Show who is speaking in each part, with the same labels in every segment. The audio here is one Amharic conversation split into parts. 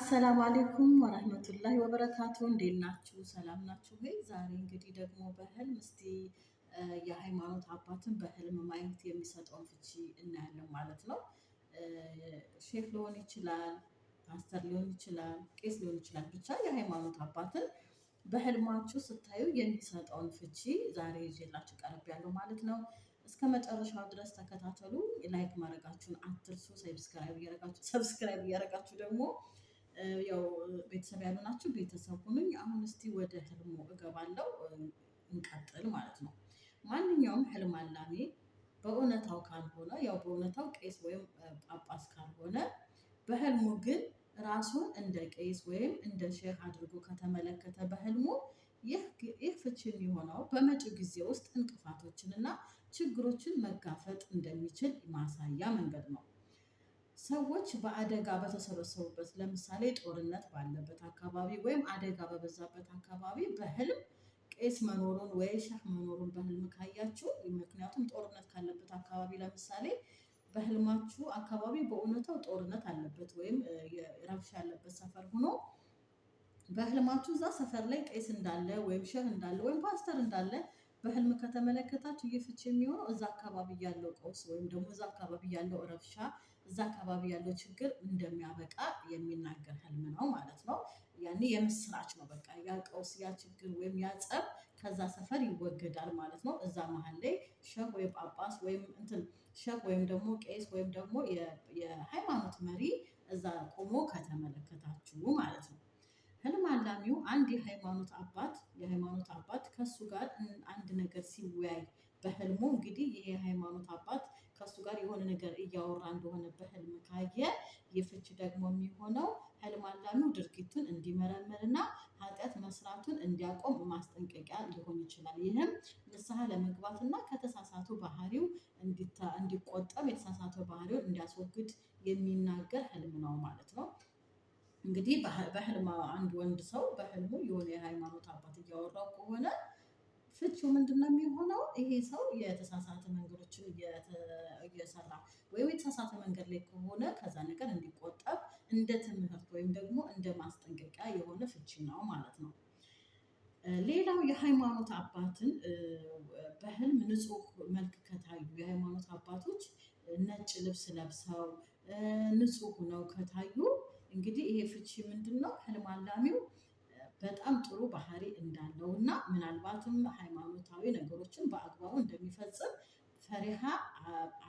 Speaker 1: አሰላሙ አሌይኩም ወረህመቱላሂ ወበረካቱ። እንዴት ናችሁ? ሰላም ናችሁ ወይ? ዛሬ እንግዲህ ደግሞ በህልም እስቲ የሃይማኖት አባትን በህልም ማየት የሚሰጠውን ፍቺ እናያለን ማለት ነው። ሼፍ ሊሆን ይችላል፣ ፓስተር ሊሆን ይችላል፣ ቄስ ሊሆን ይችላል። ብቻ የሃይማኖት አባትን በህልማችሁ ስታዩ የሚሰጠውን ፍቺ ዛሬ ይዤላችሁ ቀረብ ማለት ነው። እስከ መጨረሻው ድረስ ተከታተሉ። ላይክ ማድረጋችሁን አትርሱ። ሰብስክራይብ እያረጋችሁ ደግሞ ያው ቤተሰብ ያሉ ናቸው። ቤተሰብ ሁኑኝ። አሁን እስቲ ወደ ህልሙ እገባለሁ። እንቀጥል ማለት ነው። ማንኛውም ህልም አላሚ በእውነታው ካልሆነ ያው በእውነታው ቄስ ወይም ጳጳስ ካልሆነ በህልሙ ግን ራሱን እንደ ቄስ ወይም እንደ ሼህ አድርጎ ከተመለከተ በህልሙ ይህ ፍቺ የሚሆነው በመጪው ጊዜ ውስጥ እንቅፋቶችንና ችግሮችን መጋፈጥ እንደሚችል ማሳያ መንገድ ነው። ሰዎች በአደጋ በተሰበሰቡበት ለምሳሌ ጦርነት ባለበት አካባቢ ወይም አደጋ በበዛበት አካባቢ በህልም ቄስ መኖሩን ወይ ሸህ መኖሩን በህልም ካያችሁ፣ ምክንያቱም ጦርነት ካለበት አካባቢ ለምሳሌ በህልማችሁ አካባቢ በእውነታው ጦርነት አለበት ወይም ረብሻ ያለበት ሰፈር ሆኖ በህልማችሁ እዛ ሰፈር ላይ ቄስ እንዳለ ወይም ሸህ እንዳለ ወይም ፓስተር እንዳለ በህልም ከተመለከታችሁ ይህ ፍቺ የሚሆነው እዛ አካባቢ ያለው ቀውስ ወይም ደግሞ እዛ አካባቢ ያለው ረብሻ እዛ አካባቢ ያለው ችግር እንደሚያበቃ የሚናገር ህልም ነው ማለት ነው። ያኔ የምስራች ነው። በቃ ያ ቀውስ፣ ያ ችግር ወይም ያ ጸብ ከዛ ሰፈር ይወገዳል ማለት ነው። እዛ መሀል ላይ ሸህ ወይም ጳጳስ ወይም እንትን ሸህ ወይም ደግሞ ቄስ ወይም ደግሞ የሃይማኖት መሪ እዛ ቆሞ ከተመለከታችሁ ማለት ነው። ህልም አላሚው አንድ የሃይማኖት አባት የሃይማኖት አባት ከሱ ጋር አንድ ነገር ሲወያይ በህልሙ እንግዲህ ይሄ የሃይማኖት አባት ከሱ ጋር የሆነ ነገር እያወራ እንደሆነ በህልም ካየ የፍች ደግሞ የሚሆነው ህልም አላሚው ድርጊቱን እንዲመረምርና ኃጢአት መስራቱን እንዲያቆም ማስጠንቀቂያ ሊሆን ይችላል። ይህም ንስሐ ለመግባትና ከተሳሳቱ ባህሪው እንዲቆጠብ የተሳሳተ ባህሪውን እንዲያስወግድ የሚናገር ህልም ነው ማለት ነው። እንግዲህ በህልም አንድ ወንድ ሰው በህልሙ የሆነ የሃይማኖት አባት እያወራው ከሆነ ፍቺው ምንድን ነው የሚሆነው? ይሄ ሰው የተሳሳተ መንገዶችን እየሰራ ወይም የተሳሳተ መንገድ ላይ ከሆነ ከዛ ነገር እንዲቆጠብ እንደ ትምህርት ወይም ደግሞ እንደ ማስጠንቀቂያ የሆነ ፍቺ ነው ማለት ነው። ሌላው የሃይማኖት አባትን በህልም ንጹህ መልክ ከታዩ የሃይማኖት አባቶች ነጭ ልብስ ለብሰው ንጹህ ነው ከታዩ እንግዲህ ይሄ ፍቺ ምንድን ነው? ህልም አላሚው በጣም ጥሩ ባህሪ እንዳለው እና ምናልባትም ሃይማኖታዊ ነገሮችን በአግባቡ እንደሚፈጽም ፈሪሃ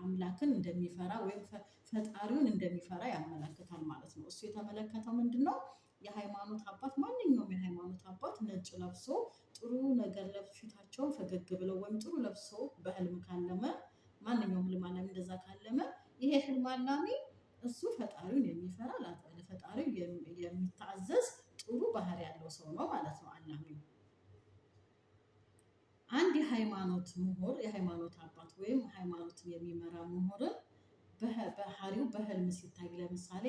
Speaker 1: አምላክን እንደሚፈራ ወይም ፈጣሪውን እንደሚፈራ ያመለክታል ማለት ነው። እሱ የተመለከተው ምንድነው? የሃይማኖት አባት ማንኛውም የሃይማኖት አባት ነጭ ለብሶ ጥሩ ነገር ለብሶ ፊታቸውን ፈገግ ብለው ወይም ጥሩ ለብሶ በህልም ካለመ ማንኛውም ህልም አላሚ እንደዛ ካለመ ይሄ ህልም አላሚ እሱ ፈጣሪውን የሚፈራ ለፈጣሪው የሚታዘዝ ጥሩ ባህሪ ያለው ሰው ነው ማለት ነው። አላሚው አንድ የሃይማኖት ምሁር የሃይማኖት አባት ወይም ሃይማኖትን የሚመራ ምሁርን ባህሪው በህልም ሲታይ ለምሳሌ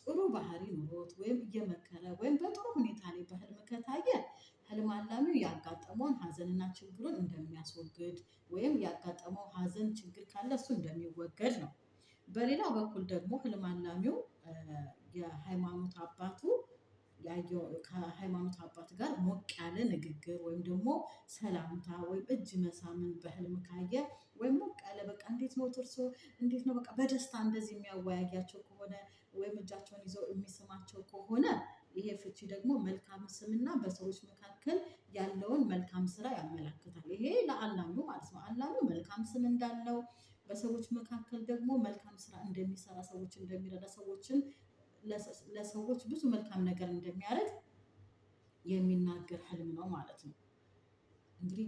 Speaker 1: ጥሩ ባህሪ ኑሮት ወይም እየመከረ ወይም በጥሩ ሁኔታ ላይ በህልም ከታየ ህልም አላሚው ያጋጠመውን ሀዘንና ችግሩን እንደሚያስወግድ ወይም ያጋጠመው ሀዘን ችግር ካለ እሱ እንደሚወገድ ነው። በሌላ በኩል ደግሞ ህልም አላሚው የሃይማኖት አባቱ ከሃይማኖት አባት ጋር ሞቅ ያለ ንግግር ወይም ደግሞ ሰላምታ ወይም እጅ መሳምን በህልም ካየ ወይም ሞቅ ያለ በቃ እንዴት ነው ትርሶ እንዴት ነው በቃ በደስታ እንደዚህ የሚያወያያቸው ከሆነ ወይም እጃቸውን ይዘው የሚስማቸው ከሆነ ይሄ ፍቺ ደግሞ መልካም ስምና በሰዎች መካከል ያለውን መልካም ስራ ያመላክታል። ይሄ ለአላሚው ማለት ነው። አላሚው መልካም ስም እንዳለው በሰዎች መካከል ደግሞ መልካም ስራ እንደሚሰራ፣ ሰዎች እንደሚረዳ፣ ሰዎችን ለሰዎች ብዙ መልካም ነገር እንደሚያደርግ የሚናገር ህልም ነው ማለት ነው። እንግዲህ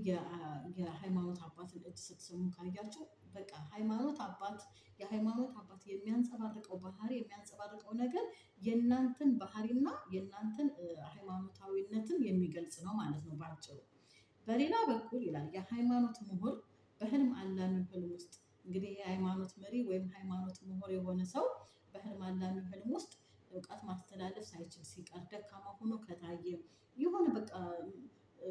Speaker 1: የሃይማኖት አባትን እጅ ስትስሙ ካያችሁ በቃ ሃይማኖት አባት የሃይማኖት አባት የሚያንፀባርቀው ባህሪ የሚያንፀባርቀው ነገር የእናንተን ባህሪና የእናንተን ሃይማኖታዊነትን የሚገልጽ ነው ማለት ነው በአጭሩ። በሌላ በኩል ይላል የሃይማኖት ምሁር በህልም አላሚው ህልም ውስጥ እንግዲህ የሃይማኖት መሪ ወይም ሃይማኖት ምሁር የሆነ ሰው በህልም አላሚ ህልም ውስጥ እውቀት ማስተላለፍ ሳይችል ሲቀር ደካማ ሆኖ ከታየ የሆነ በቃ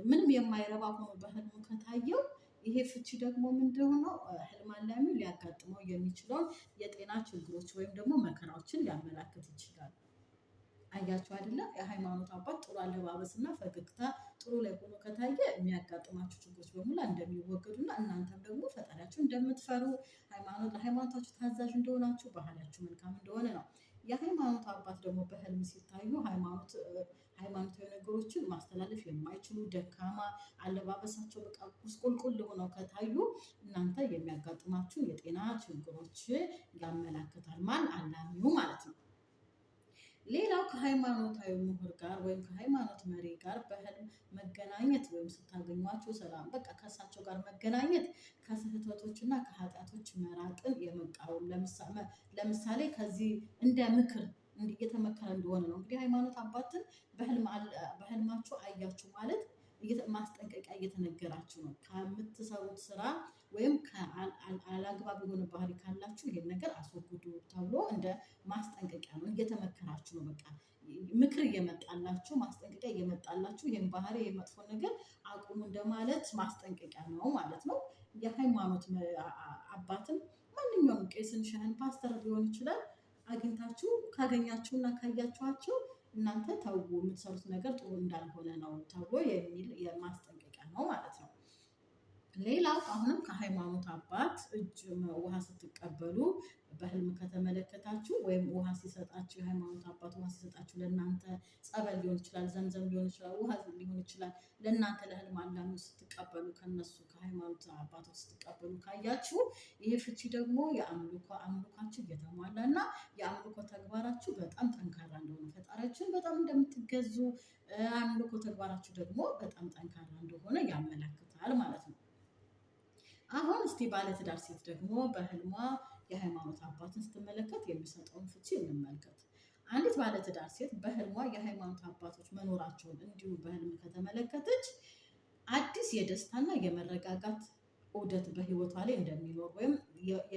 Speaker 1: ምንም የማይረባ ሆኖ በህልሙ ከታየው ይሄ ፍቺ ደግሞ ምንድን ነው? ህልም አላሚ ሊያጋጥመው የሚችለውን የጤና ችግሮች ወይም ደግሞ መከራዎችን ሊያመላክት ይችላል። አያቸው አይደለ? የሃይማኖት አባት ጥሩ አለባበስና ፈገግታ ጥሩ ላይ ሆኖ ከታየ የሚያጋጥማችሁ ችግሮች በሙላ እና እናንተም ደግሞ ፈጣሪያችሁ እንደምትፈሩ ሃይማኖት ለሃይማኖታችሁ ታዛዥ እንደሆናችሁ ባህላችሁ መልካም እንደሆነ ነው። የሃይማኖት አባት ደግሞ በህልም ሲታዩ ሃይማኖት ሃይማኖታዊ ነገሮችን ማስተላለፍ የማይችሉ ደካማ አለባበሳቸው በቃ ቁስቁልቁል ሆነው ከታዩ እናንተ የሚያጋጥማችሁ የጤና ችግሮች ያመላክታል። ማን አላሚው ማለት ነው። ሌላው ከሃይማኖታዊ ምሁር ጋር ወይም ከሃይማኖት መሪ ጋር በህልም መገናኘት ወይም ስታገኟቸው ሰላም በቃ ከእሳቸው ጋር መገናኘት ከስህተቶችና ከኃጢአቶች መራቅን የመቃወም ለምሳሌ ከዚህ እንደ ምክር እየተመከረ እንደሆነ ነው። እንግዲህ ሃይማኖት አባትን በህልማቸው አያችሁ ማለት ማስጠንቀቂያ እየተነገራችሁ ነው። ከምትሰሩት ስራ ወይም አላግባብ የሆነ ባህሪ ካላችሁ ይሄን ነገር አስወግዱ ተብሎ እንደ ማስጠንቀቂያ ነው፣ እየተመከራችሁ ነው። በቃ ምክር እየመጣላችሁ ማስጠንቀቂያ እየመጣላችሁ ይህን ባህሪ የመጥፎ ነገር አቁሙ እንደማለት ማስጠንቀቂያ ነው ማለት ነው። የሃይማኖት አባትም ማንኛውም ቄስን፣ ሸህን፣ ፓስተር ሊሆን ይችላል አግኝታችሁ ካገኛችሁና ካያችኋቸው እናንተ ተው የምትሰሩት ነገር ጥሩ እንዳልሆነ ነው ተብሎ የሚል የማስጠንቀቂያ ነው ማለት ነው። ሌላው አሁንም ከሃይማኖት አባት እጅ ውሃ ስትቀበሉ በህልም ከተመለከታችሁ ወይም ውሃ ሲሰጣችሁ የሃይማኖት አባት ውሃ ሲሰጣችሁ ለእናንተ ጸበል ሊሆን ይችላል፣ ዘምዘም ሊሆን ይችላል፣ ውሃ ሊሆን ይችላል። ለእናንተ ለህልም አላሚ ስትቀበሉ ከነሱ ከሃይማኖት አባቶች ስትቀበሉ ካያችሁ ይህ ፍቺ ደግሞ የአምልኮ አምልኳችሁ እየተሟላ እና የአምልኮ ተግባራችሁ በጣም ጠንካራ እንደሆነ ፈጣሪያችሁን በጣም እንደምትገዙ አምልኮ ተግባራችሁ ደግሞ በጣም ጠንካራ እንደሆነ ያመለክታል ማለት ነው። አሁን እስቲ ባለትዳር ሴት ደግሞ በህልሟ የሃይማኖት አባትን ስትመለከት የሚሰጠውን ፍቺ እንመልከት። አንዲት ባለትዳር ሴት በህልሟ የሃይማኖት አባቶች መኖራቸውን እንዲሁ በህልም ከተመለከተች አዲስ የደስታና የመረጋጋት ዑደት በህይወቷ ላይ እንደሚኖር ወይም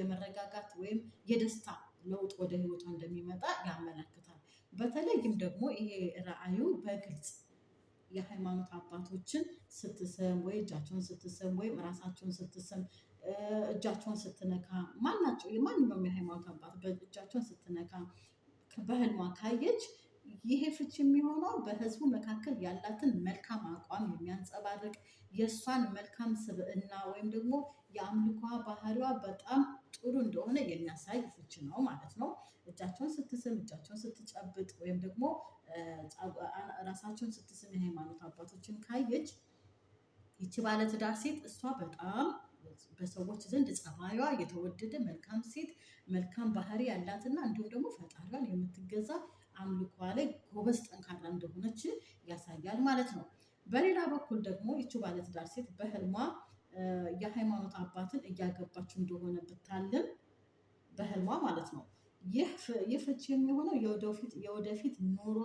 Speaker 1: የመረጋጋት ወይም የደስታ ለውጥ ወደ ህይወቷ እንደሚመጣ ያመለክታል። በተለይም ደግሞ ይሄ ራዕዩ በግልጽ የሃይማኖት አባቶችን ስትስም ወይ እጃቸውን ስትስም ወይም ራሳቸውን ስትስም እጃቸውን ስትነካ ማናቸው የማንኛውም የሃይማኖት አባት እጃቸውን ስትነካ በህልሟ ካየች ይሄ ፍች የሚሆነው በህዝቡ መካከል ያላትን መልካም አቋም የሚያንጸባርቅ የእሷን መልካም ስብዕና ወይም ደግሞ የአምልኳ ባህሪዋ በጣም ጥሩ እንደሆነ የሚያሳይ ፍች ነው ማለት ነው። እጃቸውን ስትስም፣ እጃቸውን ስትጨብጥ ወይም ደግሞ ራሳቸውን ስትስም የሃይማኖት አባቶችን ካየች ይቺ ባለትዳር ሴት እሷ በጣም በሰዎች ዘንድ ጸባዩዋ የተወደደ መልካም ሴት መልካም ባህሪ ያላትና እንዲሁም ደግሞ ፈጣሪዋን የምትገዛ አምልኳ ላይ ጎበዝ ጠንካራ እንደሆነች ያሳያል ማለት ነው። በሌላ በኩል ደግሞ ይቺ ባለትዳር ሴት በህልሟ የሃይማኖት አባትን እያገባች እንደሆነ ብታልም በህልሟ ማለት ነው ይህ ፍቺ የሚሆነው የወደፊት ኑሯ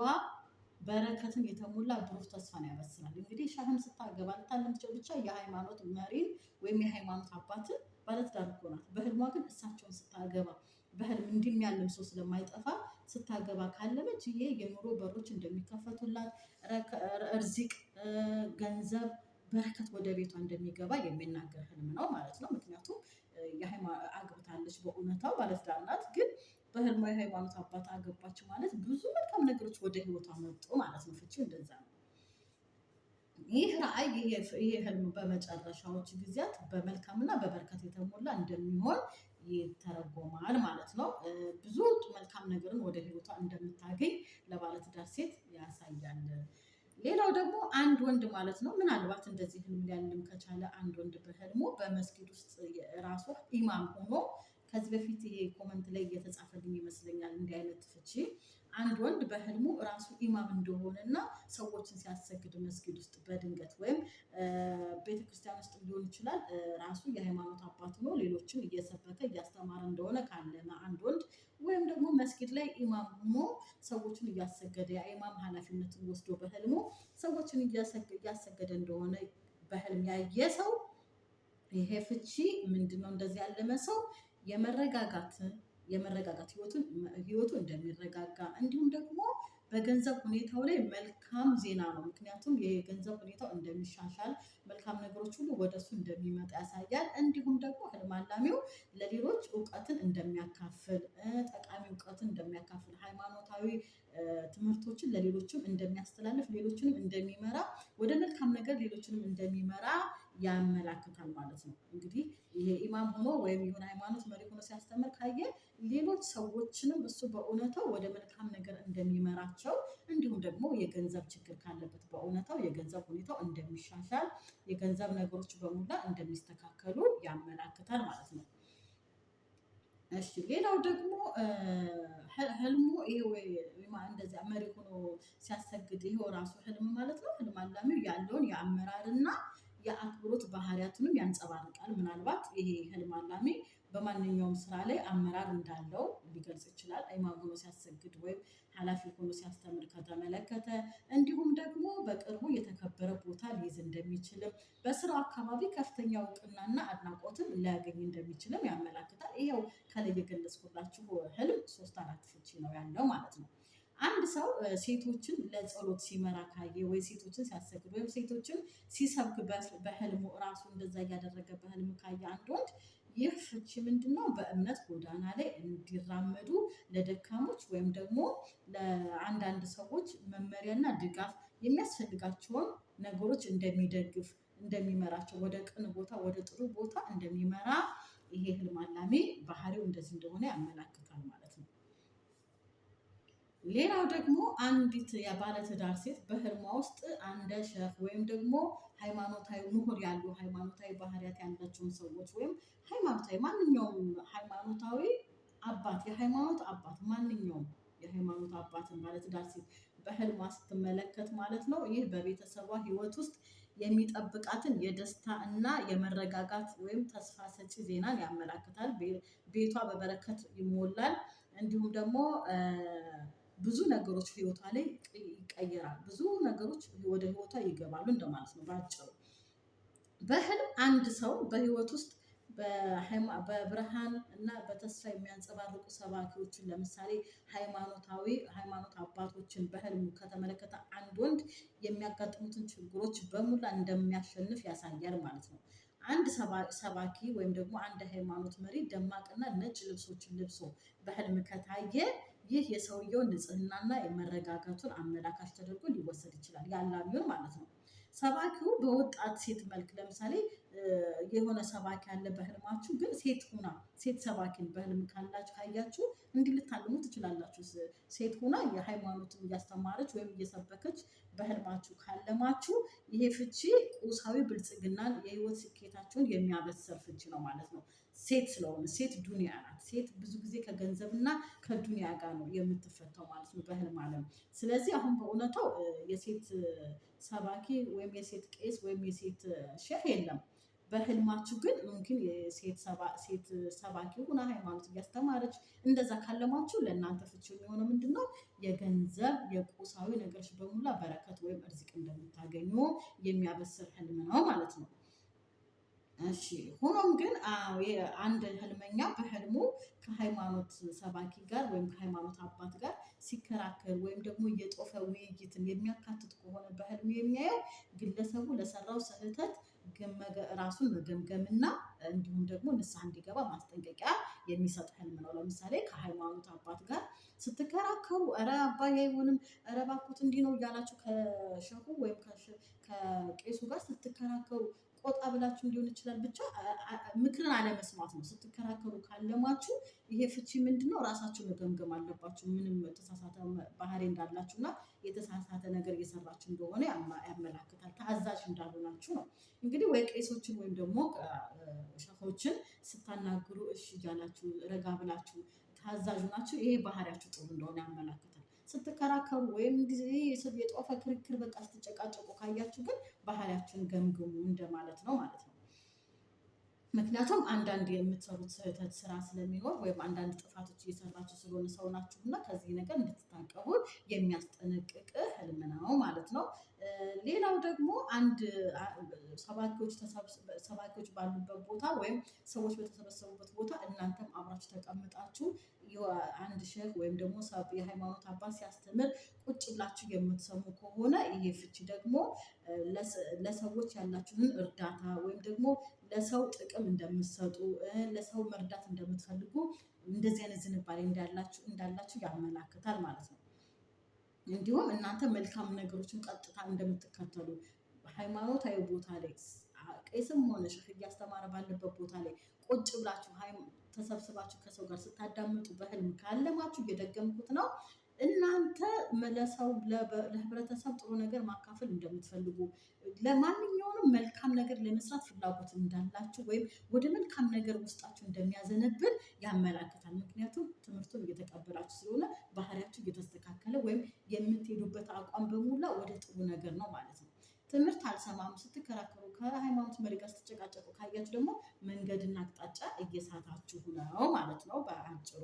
Speaker 1: በረከትን የተሞላ ብሩህ ተስፋን ያበስራል። እንግዲህ ሻህም ስታገባ ልታለምጨው ብቻ የሃይማኖት መሪን ወይም የሃይማኖት አባትን ባለትዳር እኮ በህልሟ ግን እሳቸውን ስታገባ በህልም እንዲህ ያለም ሰው ስለማይጠፋ ስታገባ ካለመች ይሄ የኑሮ በሮች እንደሚከፈቱላት፣ እርዚቅ፣ ገንዘብ፣ በረከት ወደ ቤቷ እንደሚገባ የሚናገር ህልም ነው ማለት ነው። ምክንያቱም አግብታለች፣ በእውነታው ባለትዳር ናት ግን በህልሟ የሃይማኖት አባት አገባች ማለት ብዙ መልካም ነገሮች ወደ ህይወቷ መጡ ማለት ነው። ፍቺው እንደዛ ነው። ይህ ራእይ ይሄ ህልም በመጨረሻዎች ጊዜያት በመልካምና በበረከት የተሞላ እንደሚሆን ይተረጎማል ማለት ነው። ብዙ መልካም ነገርን ወደ ህይወቷ እንደምታገኝ ለባለትዳር ሴት ያሳያል። ሌላው ደግሞ አንድ ወንድ ማለት ነው ምናልባት እንደዚህ ህልም ሊያልም ከቻለ አንድ ወንድ በህልሙ በመስጊድ ውስጥ ራሱ ኢማም ሆኖ ከዚህ በፊት ይሄ ኮመንት ላይ እየተጻፈልኝ ይመስለኛል እንዲህ አይነት ፍቺ አንድ ወንድ በህልሙ ራሱ ኢማም እንደሆነ እና ሰዎችን ሲያሰግድ መስጊድ ውስጥ በድንገት ወይም ቤተክርስቲያን ውስጥ ሊሆን ይችላል ራሱ የሃይማኖት አባት ሆኖ ሌሎችን እየሰበከ እያስተማረ እንደሆነ ካለና አንድ ወንድ ወይም ደግሞ መስጊድ ላይ ኢማም ሆኖ ሰዎችን እያሰገደ የኢማም ኃላፊነትን ወስዶ በህልሙ ሰዎችን እያሰገደ እንደሆነ በህልም ያየ ሰው ይሄ ፍቺ ምንድነው እንደዚህ ያለመ ሰው የመረጋጋት የመረጋጋት ህይወቱ እንደሚረጋጋ እንዲሁም ደግሞ በገንዘብ ሁኔታው ላይ መልካም ዜና ነው። ምክንያቱም የገንዘብ ሁኔታው እንደሚሻሻል መልካም ነገሮች ሁሉ ወደ እሱ እንደሚመጣ ያሳያል። እንዲሁም ደግሞ ህልም አላሚው ለሌሎች እውቀትን እንደሚያካፍል ጠቃሚ እውቀትን እንደሚያካፍል ሃይማኖታዊ ትምህርቶችን ለሌሎችም እንደሚያስተላልፍ ሌሎችንም እንደሚመራ ወደ መልካም ነገር ሌሎችንም እንደሚመራ ያመላክታል ማለት ነው። እንግዲህ ኢማም ሆኖ ወይም የሆነ ሃይማኖት መሪ ሆኖ ሲያስተምር ካየ ሌሎች ሰዎችንም እሱ በእውነታው ወደ መልካም ነገር እንደሚመራቸው እንዲሁም ደግሞ የገንዘብ ችግር ካለበት በእውነታው የገንዘብ ሁኔታው እንደሚሻሻል የገንዘብ ነገሮች በሙላ እንደሚስተካከሉ ያመላክታል ማለት ነው። እሺ ሌላው ደግሞ ህልሙ ይሄ ወይ እንደዚያ መሪ ሆኖ ሲያሰግድ ይሄው ራሱ ህልም ማለት ነው። ህልም አላሚው ያለውን የአመራርና የአክብሮት ባህሪያቱንም ያንጸባርቃል። ምናልባት ይሄ ህልም አላሚ በማንኛውም ስራ ላይ አመራር እንዳለው ሊገልጽ ይችላል። ኢማም ሆኖ ሲያሰግድ ወይም ኃላፊ ሆኖ ሲያስተምር ከተመለከተ፣ እንዲሁም ደግሞ በቅርቡ የተከበረ ቦታ ሊይዝ እንደሚችልም በስራው አካባቢ ከፍተኛ እውቅናና አድናቆትን ሊያገኝ እንደሚችልም ያመላክታል። ይሄው ከላይ የገለጽኩላችሁ ህልም ሶስት አራት ፍቺ ነው ያለው ማለት ነው። አንድ ሰው ሴቶችን ለጸሎት ሲመራ ካየ ወይ ሴቶችን ሲያሰግድ ወይም ሴቶችን ሲሰብክ በህልሙ እራሱ እንደዛ እያደረገ በህልሙ ካየ አንድ ወንድ ይህ ፍቺ ምንድን ነው? በእምነት ጎዳና ላይ እንዲራመዱ ለደካሞች ወይም ደግሞ ለአንዳንድ ሰዎች መመሪያና ድጋፍ የሚያስፈልጋቸውን ነገሮች እንደሚደግፍ እንደሚመራቸው ወደ ቅን ቦታ ወደ ጥሩ ቦታ እንደሚመራ ይሄ ህልም አላሚ ባህሪው እንደዚህ እንደሆነ ያመላክታል ማለት ነው። ሌላው ደግሞ አንዲት ባለትዳር ሴት በህልሟ ውስጥ አንደ ሸህ ወይም ደግሞ ሃይማኖታዊ ምሁር ያሉ ሃይማኖታዊ ባህሪያት ያላቸውን ሰዎች ወይም ሃይማኖታዊ ማንኛውም ሃይማኖታዊ አባት የሃይማኖት አባት ማንኛውም የሃይማኖት አባትን ባለትዳር ሴት በህልሟ ስትመለከት ማለት ነው። ይህ በቤተሰቧ ህይወት ውስጥ የሚጠብቃትን የደስታ እና የመረጋጋት ወይም ተስፋ ሰጪ ዜናን ያመላክታል። ቤቷ በበረከት ይሞላል። እንዲሁም ደግሞ ብዙ ነገሮች ህይወቷ ላይ ይቀየራል። ብዙ ነገሮች ወደ ህይወቷ ይገባሉ እንደማለት ነው ባጭሩ። በህልም አንድ ሰው በህይወት ውስጥ በብርሃን እና በተስፋ የሚያንጸባርቁ ሰባኪዎችን ለምሳሌ ሃይማኖታዊ ሃይማኖት አባቶችን በህልሙ ከተመለከተ አንድ ወንድ የሚያጋጥሙትን ችግሮች በሙላ እንደሚያሸንፍ ያሳያል ማለት ነው። አንድ ሰባኪ ወይም ደግሞ አንድ ሃይማኖት መሪ ደማቅና ነጭ ልብሶችን ልብሶ በህልም ከታየ ይህ የሰውየው ንጽህናና የመረጋጋቱን አመላካች ተደርጎ ሊወሰድ ይችላል። ያላሚውን ማለት ነው። ሰባኪው በወጣት ሴት መልክ ለምሳሌ የሆነ ሰባኪ ያለ በህልማችሁ ግን ሴት ሁና ሴት ሰባኪን በህልም ካላችሁ ካያችሁ እንዲህ ልታልሙ ትችላላችሁ። ሴት ሁና የሃይማኖትን እያስተማረች ወይም እየሰበከች በህልማችሁ ካለማችሁ ይሄ ፍቺ ቁሳዊ ብልጽግናን የህይወት ስኬታችሁን የሚያበሰር ፍቺ ነው ማለት ነው። ሴት ስለሆነ ሴት ዱኒያ ናት። ሴት ብዙ ጊዜ ከገንዘብና ከዱኒያ ጋር ነው የምትፈታው ማለት ነው በህልም ዓለም። ስለዚህ አሁን በእውነታው የሴት ሰባኪ ወይም የሴት ቄስ ወይም የሴት ሼህ የለም። በህልማችሁ ግን ምምኪን ሴት ሰባኪ ሆና ሃይማኖት እያስተማረች እንደዛ ካለማችሁ ለእናንተ ፍቺው የሚሆነው ምንድን ነው? የገንዘብ የቁሳዊ ነገሮች በሙላ በረከት ወይም እርዝቅ እንደምታገኙ የሚያበስር ህልም ነው ማለት ነው። እሺ ሆኖም ግን አንድ ህልመኛ በህልሙ ከሃይማኖት ሰባኪ ጋር ወይም ከሃይማኖት አባት ጋር ሲከራከር ወይም ደግሞ የጦፈ ውይይትን የሚያካትት ከሆነ በህልሙ የሚያየው ግለሰቡ ለሰራው ስህተት ራሱን መገምገምና እንዲሁም ደግሞ ንስሐ እንዲገባ ማስጠንቀቂያ የሚሰጥ ህልም ነው። ለምሳሌ ከሃይማኖት አባት ጋር ስትከራከሩ ኧረ አባዬ አይሆንም፣ ኧረ እባክዎት እንዲህ ነው እያላችሁ ከሸሁ ወይም ከቄሱ ጋር ስትከራከሩ ቆጣ ብላችሁ ሊሆን ይችላል። ብቻ ምክርን አለመስማት ነው። ስትከራከሩ ካለማችሁ ይሄ ፍቺ ምንድነው ራሳችሁ መገምገም አለባችሁ። ምንም የተሳሳተ ባህሪ እንዳላችሁ እና የተሳሳተ ነገር እየሰራችሁ እንደሆነ ያመላክታል። ታዛዥ እንዳልሆናችሁ ነው። እንግዲህ ወይ ቄሶችን ወይም ደግሞ ሸሆችን ስታናግሩ እሺ እያላችሁ ረጋ ብላችሁ ታዛዥ ናችሁ። ይሄ ባህሪያችሁ ጥሩ እንደሆነ ያመላክታል። ስትከራከሩ ወይም ጊዜ የጦፈ ክርክር በቃ ስትጨቃጨቁ ካያችሁ ግን ባህላችሁን ገምግሙ እንደማለት ነው ማለት ነው። ምክንያቱም አንዳንድ የምትሰሩት ስህተት ስራ ስለሚኖር ወይም አንዳንድ ጥፋቶች እየሰራችሁ ስለሆነ ሰው ናችሁና ከዚህ ነገር እንድትታቀቡ የሚያስጠነቅቅ ህልም ነው ማለት ነው። ሌላው ደግሞ አንድ ሰባኪዎች ሰባኪዎች ባሉበት ቦታ ወይም ሰዎች በተሰበሰቡበት ቦታ እናንተም አብራችሁ ተቀምጣችሁ አንድ ሼህ ወይም ደግሞ የሃይማኖት አባት ሲያስተምር ቁጭ ብላችሁ የምትሰሙ ከሆነ ይሄ ፍቺ ደግሞ ለሰዎች ያላችሁን እርዳታ ወይም ደግሞ ለሰው ጥቅም እንደምትሰጡ ለሰው መርዳት እንደምትፈልጉ እንደዚህ አይነት ዝንባሌ እንዳላችሁ እንዳላችሁ ያመላክታል ማለት ነው። እንዲሁም እናንተ መልካም ነገሮችን ቀጥታ እንደምትከተሉ ሃይማኖታዊ ቦታ ላይ ቄስም ሆነ ሼህ እያስተማረ ባለበት ቦታ ላይ ቁጭ ብላችሁ ተሰብስባችሁ ከሰው ጋር ስታዳምጡ በህልም ካለማችሁ እየደገምኩት ነው እናንተ ለሰው ለህብረተሰብ ጥሩ ነገር ማካፈል እንደምትፈልጉ ለማንኛውም ሁሉም መልካም ነገር ለመስራት ፍላጎት እንዳላችሁ ወይም ወደ መልካም ነገር ውስጣችሁ እንደሚያዘነብል ያመላክታል። ምክንያቱም ትምህርቱን እየተቀበላችሁ ስለሆነ ባህሪያችሁ እየተስተካከለ ወይም የምትሄዱበት አቋም በሙላ ወደ ጥሩ ነገር ነው ማለት ነው። ትምህርት አልሰማም ስትከራከሩ፣ ከሃይማኖት መሪ ጋር ስትጨቃጨቁ ካያችሁ ደግሞ መንገድና አቅጣጫ እየሳታችሁ ነው ማለት ነው። በአጭሩ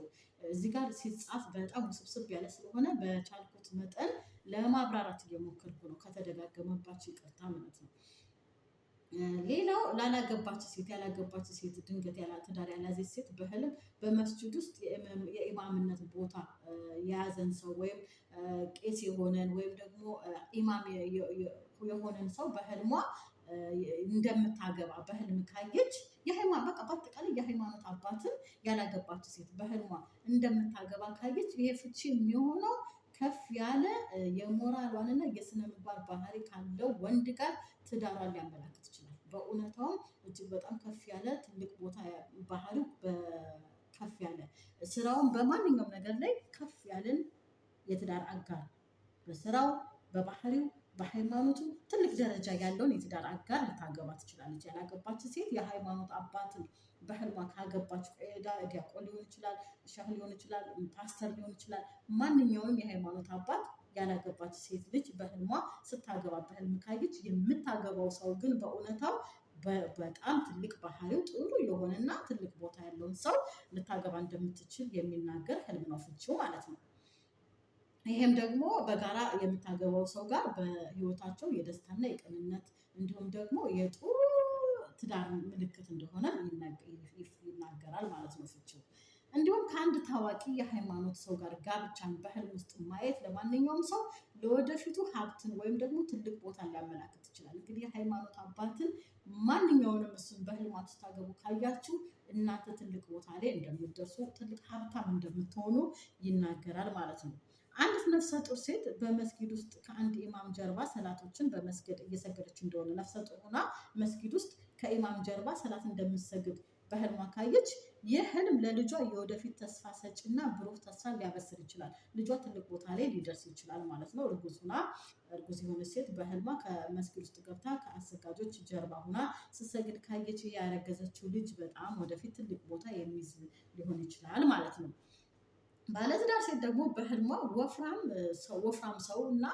Speaker 1: እዚህ ጋር ሲጻፍ በጣም ውስብስብ ያለ ስለሆነ በቻልኩት መጠን ለማብራራት እየሞከርኩ ነው። ከተደጋገመባችሁ ይቅርታ ማለት ነው። ሌላው ላላገባች ሴት ያላገባች ሴት ድንገት ያላ ትዳር ያላዘች ሴት በህልም በመስጅድ ውስጥ የኢማምነት ቦታ የያዘን ሰው ወይም ቄስ የሆነን ወይም ደግሞ ኢማም የሆነን ሰው በህልሟ እንደምታገባ በህልም ካየች የሃይማ በቃ በአጠቃላይ የሃይማኖት አባትን ያላገባች ሴት በህልሟ እንደምታገባ ካየች ይሄ ፍቺ የሚሆነው ከፍ ያለ የሞራሏንና የስነ ምግባር ባህሪ ካለው ወንድ ጋር ትዳሯን ሊያመላክት ይችላል። በእውነታውም እጅግ በጣም ከፍ ያለ ትልቅ ቦታ ባህሪው ከፍ ያለ ስራውን በማንኛውም ነገር ላይ ከፍ ያለን የትዳር አጋር በስራው በባህሪው በሃይማኖቱ ትልቅ ደረጃ ያለውን የትዳር አጋር ልታገባ ትችላለች። ያላገባች ሴት የሃይማኖት አባትን በህልማ ካገባች ዲያቆን ሊሆን ይችላል፣ ሸህ ሊሆን ይችላል፣ ፓስተር ሊሆን ይችላል። ማንኛውም የሃይማኖት አባት ያላገባች ሴት ልጅ በህልሟ ስታገባ በህልም ካየች፣ የምታገባው ሰው ግን በእውነታው በጣም ትልቅ ባህሪው ጥሩ የሆነና ትልቅ ቦታ ያለውን ሰው ልታገባ እንደምትችል የሚናገር ህልም ነው ፍቺው ማለት ነው። ይሄም ደግሞ በጋራ የምታገባው ሰው ጋር በህይወታቸው የደስታና የቅንነት እንዲሁም ደግሞ የጥሩ ትዳር ምልክት እንደሆነ ይናገራል ማለት ነው ፍቺው። እንዲሁም ከአንድ ታዋቂ የሃይማኖት ሰው ጋር ጋብቻን በህልም ውስጥ ማየት ለማንኛውም ሰው ለወደፊቱ ሀብትን ወይም ደግሞ ትልቅ ቦታን ሊያመላክት ይችላል። እንግዲህ የሃይማኖት አባትን ማንኛውንም እሱን በህልም ስታገቡ ካያችሁ እናንተ ትልቅ ቦታ ላይ እንደምትደርሱ፣ ትልቅ ሀብታም እንደምትሆኑ ይናገራል ማለት ነው። አንዲት ነፍሰ ጡር ሴት በመስጊድ ውስጥ ከአንድ ኢማም ጀርባ ሰላቶችን በመስገድ እየሰገደች እንደሆነ ነፍሰ ጡር ሆና መስጊድ ውስጥ ከኢማም ጀርባ ሰላት እንደምትሰግድ በህልሟ ካየች ይህ ህልም ለልጇ የወደፊት ተስፋ ሰጪና ብሩህ ተስፋ ሊያበስር ይችላል። ልጇ ትልቅ ቦታ ላይ ሊደርስ ይችላል ማለት ነው። እርጉዝ ሁና እርጉዝ የሆነች ሴት በህልሟ ከመስጊድ ውስጥ ገብታ ከአሰጋጆች ጀርባ ሁና ስትሰግድ ካየች ያረገዘችው ልጅ በጣም ወደፊት ትልቅ ቦታ የሚይዝ ሊሆን ይችላል ማለት ነው። ባለትዳር ሴት ደግሞ በህልሟ ወፍራም ሰው ወፍራም ሰው እና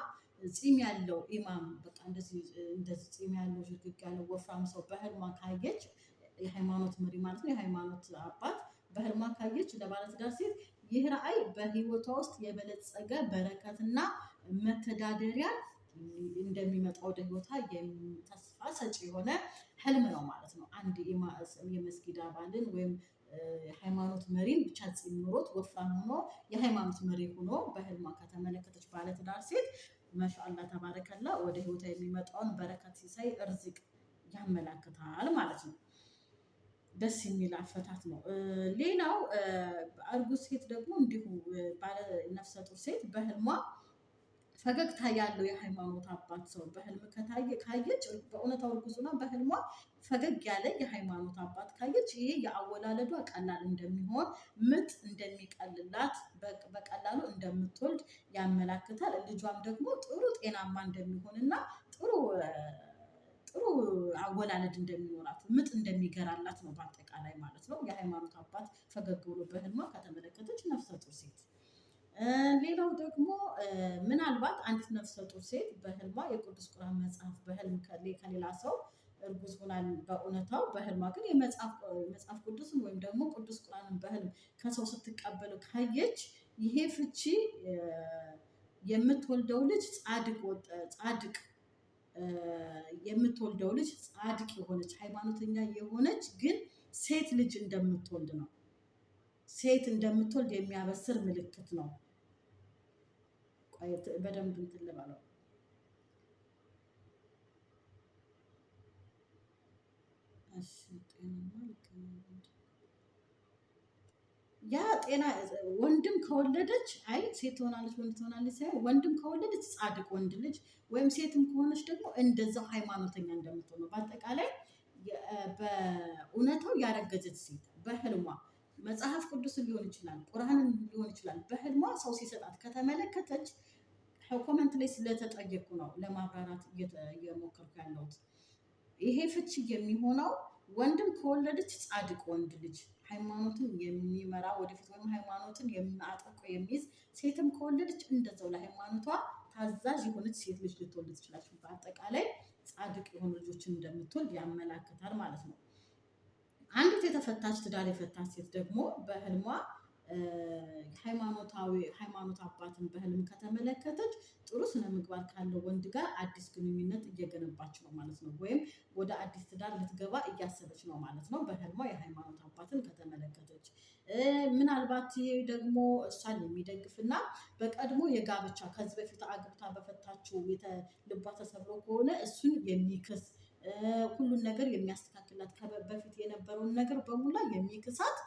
Speaker 1: ፂም ያለው ኢማም በቃ እንደዚህ እንደዚህ ፂም ያለው ዥግግ ያለው ወፍራም ሰው በህልሟ ካየች የሃይማኖት መሪ ማለት ነው፣ የሃይማኖት አባት በህል ካየች ለባለትዳር ሴት ይህ ራእይ በህይወቷ ውስጥ የበለጸገ በረከትና መተዳደሪያ እንደሚመጣ ወደ ህይወቷ ሰጪ የሆነ ህልም ነው ማለት ነው። አንድ የመስጊድ አባልን ወይም ሃይማኖት መሪን ብቻ ፂም ኖሮት ወፍራም ሆኖ የሃይማኖት መሪ ሆኖ በህልማ ከተመለከተች ባለትዳር ሴት ማሻአላ ተባረከላ ወደ ህይወታ የሚመጣውን በረከት ሲሳይ እርዝቅ ያመላክታል ማለት ነው። ደስ የሚል አፈታት ነው። ሌላው እርጉዝ ሴት ደግሞ እንዲሁ ባለ ነፍሰ ጡር ሴት በህልሟ ፈገግታ ያለው የሃይማኖት አባት ሰው በህልም ከታየ ካየች በእውነታው እርጉዝ በህልሟ ፈገግ ያለ የሃይማኖት አባት ካየች ይሄ የአወላለዷ ቀላል እንደሚሆን ምጥ እንደሚቀልላት በቀላሉ እንደምትወልድ ያመላክታል። ልጇም ደግሞ ጥሩ ጤናማ እንደሚሆንና ጥሩ ጥሩ አወላለድ እንደሚኖራት ምጥ እንደሚገራላት ነው በአጠቃላይ ማለት ነው። የሃይማኖት አባት ፈገግ ብሎ በህልሟ ከተመለከተች ነፍሰ ጡር ሴት። ሌላው ደግሞ ምናልባት አንዲት ነፍሰ ጡር ሴት በህልሟ የቅዱስ ቁርአን መጽሐፍ በህልም ከሌላ ሰው እርጉዝ ሆናል በእውነታው በህልማ ግን የመጽሐፍ ቅዱስን ወይም ደግሞ ቅዱስ ቁርአንን በህልም ከሰው ስትቀበል ካየች ይሄ ፍቺ የምትወልደው ልጅ ጻድቅ ጻድቅ የምትወልደው ልጅ ጻድቅ የሆነች ሃይማኖተኛ የሆነች ግን ሴት ልጅ እንደምትወልድ ነው። ሴት እንደምትወልድ የሚያበስር ምልክት ነው። በደንብ እንትን ልበለው ያ ጤና ወንድም ከወለደች አይ ሴት ትሆናለች ወንድ ትሆናለች ሳይሆን ወንድም ከወለደች ጻድቅ ወንድ ልጅ ወይም ሴትም ከሆነች ደግሞ እንደዛው ሃይማኖተኛ እንደምትሆነው በአጠቃላይ በእውነታው ያረገዘች ሴት በህልሟ መጽሐፍ ቅዱስን ሊሆን ይችላል፣ ቁርአንን ሊሆን ይችላል። በህልሟ ሰው ሲሰጣት ከተመለከተች ኮመንት ላይ ስለተጠየቁ ነው ለማብራራት እየሞከርኩ ያለሁት። ይሄ ፍቺ የሚሆነው ወንድም ከወለደች ጻድቅ ወንድ ልጅ ሃይማኖትን የሚመራ ወደፊት ወይም ሃይማኖትን የሚያጠቆ የሚይዝ ሴትም ከወለደች እንደዛው ለሃይማኖቷ ታዛዥ የሆነች ሴት ልጅ ልትወልድ ትችላለች። በአጠቃላይ ጻድቅ የሆኑ ልጆችን እንደምትወልድ ያመላክታል ማለት ነው። አንዲት የተፈታች ትዳር የፈታች ሴት ደግሞ በህልሟ ሃይማኖታዊ ሃይማኖት አባትን በህልም ከተመለከተች ጥሩ ስነ ምግባር ካለው ወንድ ጋር አዲስ ግንኙነት እየገነባች ነው ማለት ነው። ወይም ወደ አዲስ ትዳር ልትገባ እያሰበች ነው ማለት ነው። በህልሟ የሃይማኖት አባትን ከተመለከተች ምናልባት ደግሞ እሷን የሚደግፍና በቀድሞ የጋብቻ ከዚህ በፊት አግብታ በፈታችው ልቧ ተሰብሮ ከሆነ እሱን የሚክስ ሁሉን ነገር የሚያስተካክላት በፊት የነበረውን ነገር በሙላ የሚክሳት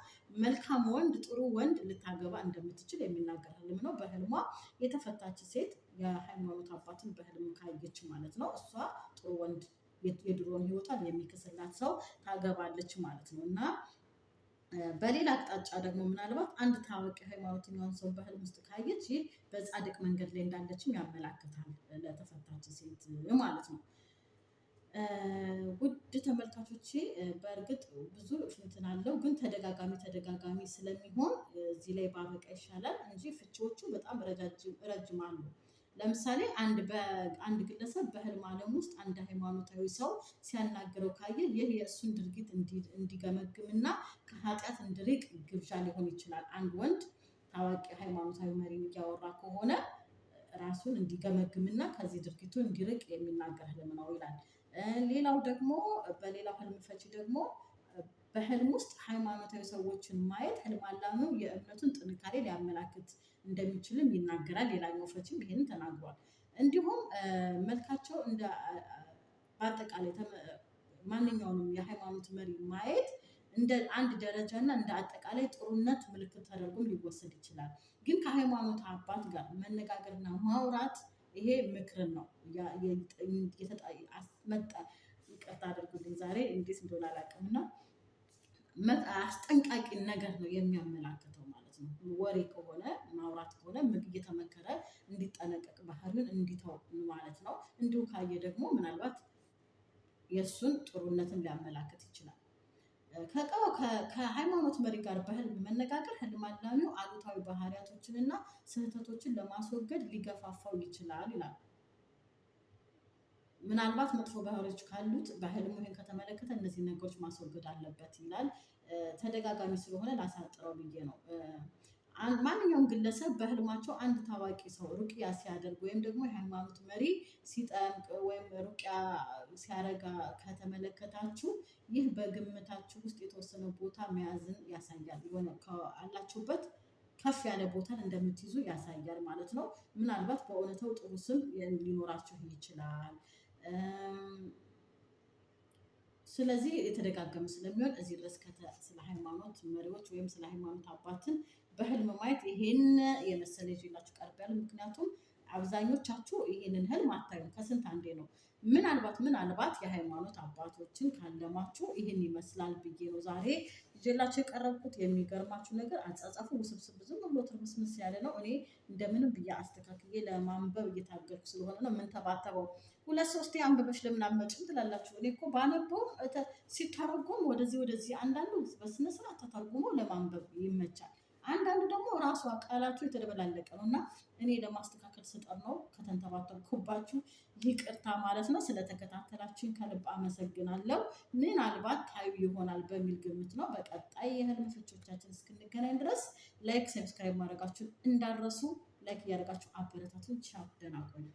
Speaker 1: መልካም ወንድ ጥሩ ወንድ ልታገባ እንደምትችል የሚናገር ህልም ነው። በህልሟ የተፈታች ሴት የሃይማኖት አባትን በህልም ካየች ማለት ነው እሷ ጥሩ ወንድ የድሮን ህይወቷን የሚክስላት ሰው ታገባለች ማለት ነው እና በሌላ አቅጣጫ ደግሞ ምናልባት አንድ ታዋቂ ሃይማኖት ሃይማኖተኛውን ሰው በህልም ውስጥ ካየች ይህ በጻድቅ መንገድ ላይ እንዳለችም ያመላክታል ለተፈታች ሴት ማለት ነው። ውድ ተመልካቾቼ በእርግጥ ብዙ እንትን አለው፣ ግን ተደጋጋሚ ተደጋጋሚ ስለሚሆን እዚህ ላይ ባበቃ ይሻላል እንጂ ፍቺዎቹ በጣም ረጅም አሉ። ለምሳሌ አንድ ግለሰብ በህልም ዓለም ውስጥ አንድ ሃይማኖታዊ ሰው ሲያናግረው ካየ ይህ የእሱን ድርጊት እንዲገመግምና ከኃጢአት እንዲርቅ ግብዣ ሊሆን ይችላል። አንድ ወንድ ታዋቂ ሃይማኖታዊ መሪ እያወራ ከሆነ ራሱን እንዲገመግምና ከዚህ ድርጊቱ እንዲርቅ የሚናገር ህልም ነው ይላል። ሌላው ደግሞ በሌላው ህልም ፈቺ ደግሞ በህልም ውስጥ ሃይማኖታዊ ሰዎችን ማየት ህልም አላሚው የእምነቱን ጥንካሬ ሊያመላክት እንደሚችልም ይናገራል። ሌላኛው ፈቺም ይህንን ተናግሯል። እንዲሁም መልካቸው እንደ በአጠቃላይ ማንኛውንም የሃይማኖት መሪ ማየት እንደ አንድ ደረጃ እና እንደ አጠቃላይ ጥሩነት ምልክት ተደርጎም ሊወሰድ ይችላል። ግን ከሃይማኖት አባት ጋር መነጋገርና ማውራት ይሄ ምክርን ነው መጣ ይቅርታ አድርጉልኝ ዛሬ እንዴት እንደሆነ አላውቅም እና አስጠንቃቂ ነገር ነው የሚያመላክተው ማለት ነው። ወሬ ከሆነ ማውራት ከሆነ እየተመከረ እንዲጠነቀቅ ባህልን እንዲተው ማለት ነው። እንዲሁ ካየ ደግሞ ምናልባት የእሱን ጥሩነትን ሊያመላክት ይችላል። ከቀው ከሃይማኖት መሪ ጋር በህልም መነጋገር ህልም አላሚው አሉታዊ ባህሪያቶችንና ስህተቶችን ለማስወገድ ሊገፋፋው ይችላል ይላል። ምናልባት መጥፎ ባህሪዎች ካሉት ባህልም ይሄን ከተመለከተ እነዚህ ነገሮች ማስወገድ አለበት ይላል። ተደጋጋሚ ስለሆነ ላሳጥረው ብዬ ነው። ማንኛውም ግለሰብ በህልማቸው አንድ ታዋቂ ሰው ሩቅያ ሲያደርግ ወይም ደግሞ የሃይማኖት መሪ ሲጠምቅ ወይም ሩቅያ ሲያረጋ ከተመለከታችሁ ይህ በግምታችሁ ውስጥ የተወሰነ ቦታ መያዝን ያሳያል። የሆነ ካላችሁበት ከፍ ያለ ቦታን እንደምትይዙ ያሳያል ማለት ነው። ምናልባት በእውነተው ጥሩ ስም ሊኖራችሁ ይችላል። ስለዚህ የተደጋገመ ስለሚሆን እዚህ ድረስ ስለ ሃይማኖት መሪዎች ወይም ስለ ሃይማኖት አባትን በህልም ማየት ይሄን የመሰለ ይዤላችሁ ቀርብ ያለ ምክንያቱም አብዛኞቻችሁ ይህንን ህልም አታዩም። ከስንት አንዴ ነው። ምናልባት ምናልባት የሃይማኖት አባቶችን ካለማችሁ ይህን ይመስላል ብዬ ነው ዛሬ ይዤላችሁ የቀረብኩት። የሚገርማችሁ ነገር አጻጻፉ ውስብስብ ዝም ብሎ ትርምስምስ ያለ ነው። እኔ እንደምንም ብዬ አስተካክዬ ለማንበብ እየታገልኩ ስለሆነ ነው የምንተባተበው። ሁለት ሶስት አንብበሽ ለምን አትመጭም ትላላችሁ። እኔ እኮ ባነበው ሲተረጎም ወደዚህ ወደዚህ፣ አንዳንዱ በስነስርዓት ተተርጉሞ ለማንበብ ይመቻል። አንዳንዱ ደግሞ ራሷ ቃላችሁ የተደበላለቀ ነው እና እኔ ለማስተካከል ስጠር ነው ከተንተባተብኩባችሁ ይቅርታ ማለት ነው። ስለተከታተላችን ከልብ አመሰግናለሁ። ምናልባት ታዩ ይሆናል በሚል ግምት ነው። በቀጣይ የህልም ፍቾቻችን እስክንገናኝ ድረስ ላይክ፣ ሰብስክራይብ ማድረጋችሁን እንዳረሱ ላይክ እያደረጋችሁ አበረታቱን። ቻው፣ ደህና ቆዩ።